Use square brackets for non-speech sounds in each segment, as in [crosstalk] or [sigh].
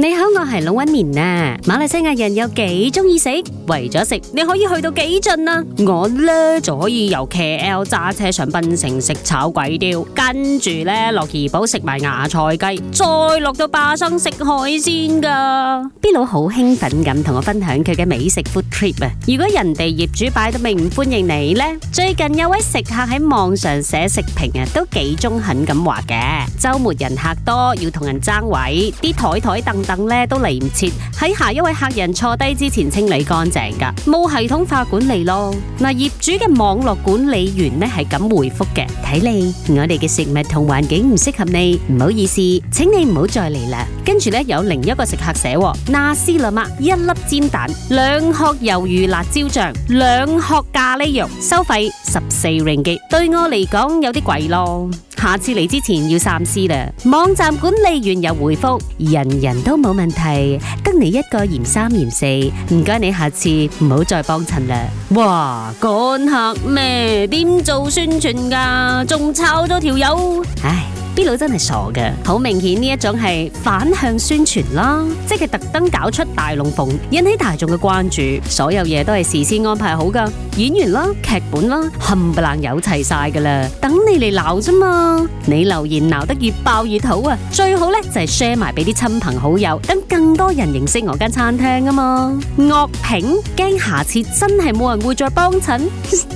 你好，我係龍紋敏啊！馬來西亞人有幾中意食？為咗食，你可以去到幾盡啊！我咧就可以由 KL 揸車上檳城食炒粿條，跟住咧落怡保食埋芽菜雞，再落到巴生食海鮮噶。B 佬好興奮咁同我分享佢嘅美食 food trip 啊！如果人哋業主擺到明唔歡迎你咧，最近有位食客喺網上寫食評啊，都幾中肯咁話嘅。周末人客多，要同人爭位，啲台台凳。等咧都嚟唔切，喺下一位客人坐低之前清理乾淨噶，冇系統化管理咯。嗱，業主嘅網絡管理員呢係咁回覆嘅：睇你，我哋嘅食物同環境唔適合你，唔好意思，請你唔好再嚟啦。跟住呢，有另一個食客寫、哦：納斯拉瑪，一粒煎蛋，兩殼魷，魷魚辣椒醬，兩殼咖喱肉，收費十四 ringgit，對我嚟講有啲貴咯。下次嚟之前要三思嘞。網站管理員又回覆：人人都冇問題，得你一個嫌三嫌四。唔該你下次唔好再幫襯啦。哇，趕客咩？點做宣傳㗎？仲炒咗條友，唉。啲佬真係傻噶，好明顯呢一種係反向宣傳啦，即係特登搞出大龍鳳，引起大眾嘅關注，所有嘢都係事先安排好噶，演員啦、劇本啦，冚唪唥有齊晒噶啦，等你嚟鬧啫嘛，你留言鬧得越爆越好啊，最好咧就係 share 埋俾啲親朋好友，等更多人認識我間餐廳啊嘛，惡評，驚下次真係冇人會再幫襯。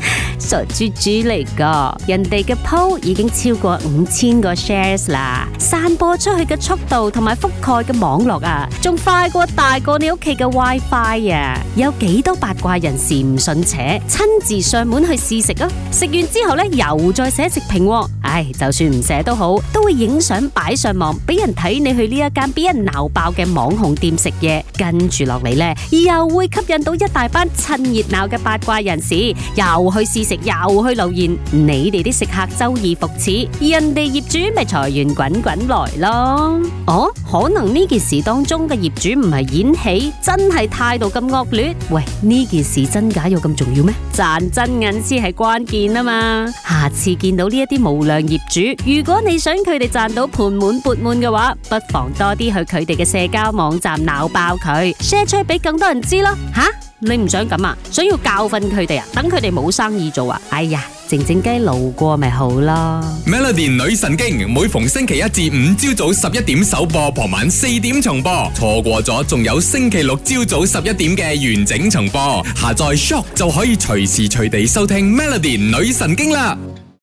[laughs] 傻豬豬嚟噶，人哋嘅鋪已經超過五千個 shares 啦，散播出去嘅速度同埋覆蓋嘅網絡啊，仲快過大過你屋企嘅 WiFi 啊！有幾多八卦人士唔信邪，親自上門去試食啊？食完之後呢，又再寫食評。唉，就算唔寫都好，都會影相擺上網，俾人睇你去呢一間俾人鬧爆嘅網紅店食嘢。跟住落嚟呢，又會吸引到一大班趁熱鬧嘅八卦人士，又去試食，又去留言。你哋啲食客周而復始，人哋業主咪財源滾滾來咯。哦，可能呢件事當中嘅業主唔係演戲，真係態度咁惡劣。喂，呢件事真假有咁重要咩？賺真銀先係關鍵啊嘛。下次見到呢一啲無良業主，如果你想佢哋賺到盆滿鉢滿嘅話，不妨多啲去佢哋嘅社交網站鬧爆佢。share 出俾更多人知咯吓。你唔想咁啊？想要教訓佢哋啊？等佢哋冇生意做啊？哎呀，靜靜雞路過咪好咯。Melody 女神經每逢星期一至五朝早十一點首播，傍晚四點重播，錯過咗仲有星期六朝早十一點嘅完整重播。下載 shop 就可以隨時隨地收聽 Melody 女神經啦。